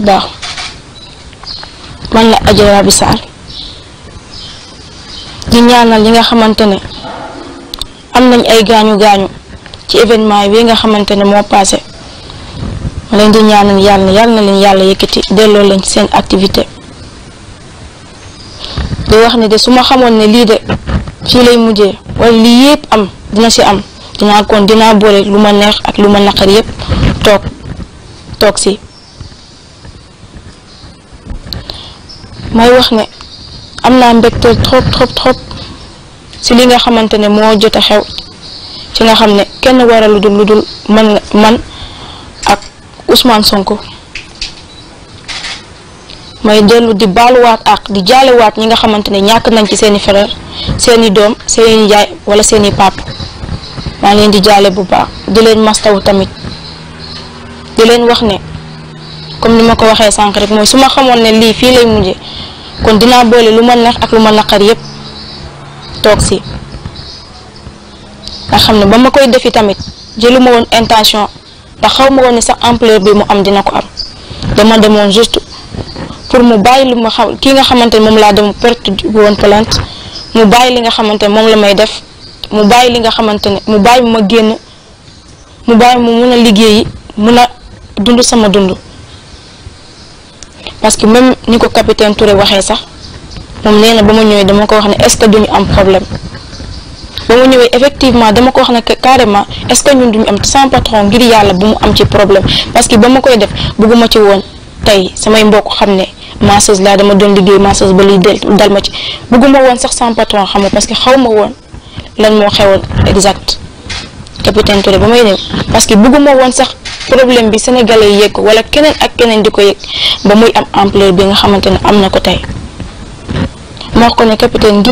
baax man la Adja Rabi Sarr di ñaanal ñi nga xamante ne am nañ ay gaañu gaañu ci événement yi nga xamante ne moo passé ma leen di ñaanal yàlla yàlla na leen yàlla yëkkati delloo leen seen activité di wax ne de su ma xamoon ne lii de fii lay mujjee wala lii yëpp am dina si am dinaa kon dinaa boole lu ma neex ak lu ma naqar yëpp toog toog si. may wax ne am naa mbégte trop trop trop ci li nga xamante ne moo jot a xew ci nga xam ne kenn waral lu dul lu dul man man ak Ousmane Sonko may dellu di baaluwaat ak di jaalewaat ñi nga xamante ne ñàkk nañ ci seeni frère seeni doom seeni jaay wala seeni pap maa ngi leen di jaale bu baax di leen mastawu tamit di leen wax ne. comme ni ma ko waxee sànq rek mooy su ma xamoon ne lii fii lay mujje kon dinaa boole lu ma neex ak lu ma naqar yépp toog si nga xam ne ba ma koy defi tamit jëlu ma woon intention ndax xaw ma woon ne sax ampleur bi mu am dina ko am dama demoon juste pour mu bàyyi lu ma xam kii nga xamante ne moom laa dem perte bu woon plante mu bàyyi li nga xamante ne moom la may def mu bàyyi li nga xamante ne mu bàyyi mu ma génn mu bàyyi mu mun a liggéeyi mun a dund sama dund parce que même ni ko capitaine Touré waxee sax moom nee ba ma ñëwee dama ko wax ne est-ce que duñu am problème ba ma ñëwee effectivement dama ko wax ne carrément est-ce que du duñu am sans patron ngir yàlla bu mu am ci problème parce que ba ma koy def bëgguma ci woon tey samay mbokk xam ne masseuse laa dama doon liggéey masseuse ba liy dal ma ci bëgguma woon sax sans patron xam nga parce que xaw ma woon lan may ñëw parce que woon sax problème bi sénégalais yëg ko wala keneen ak keneen di ko yëg ba muy am ampleur bi nga xamante ne am na ko tey moo ko ne capitaine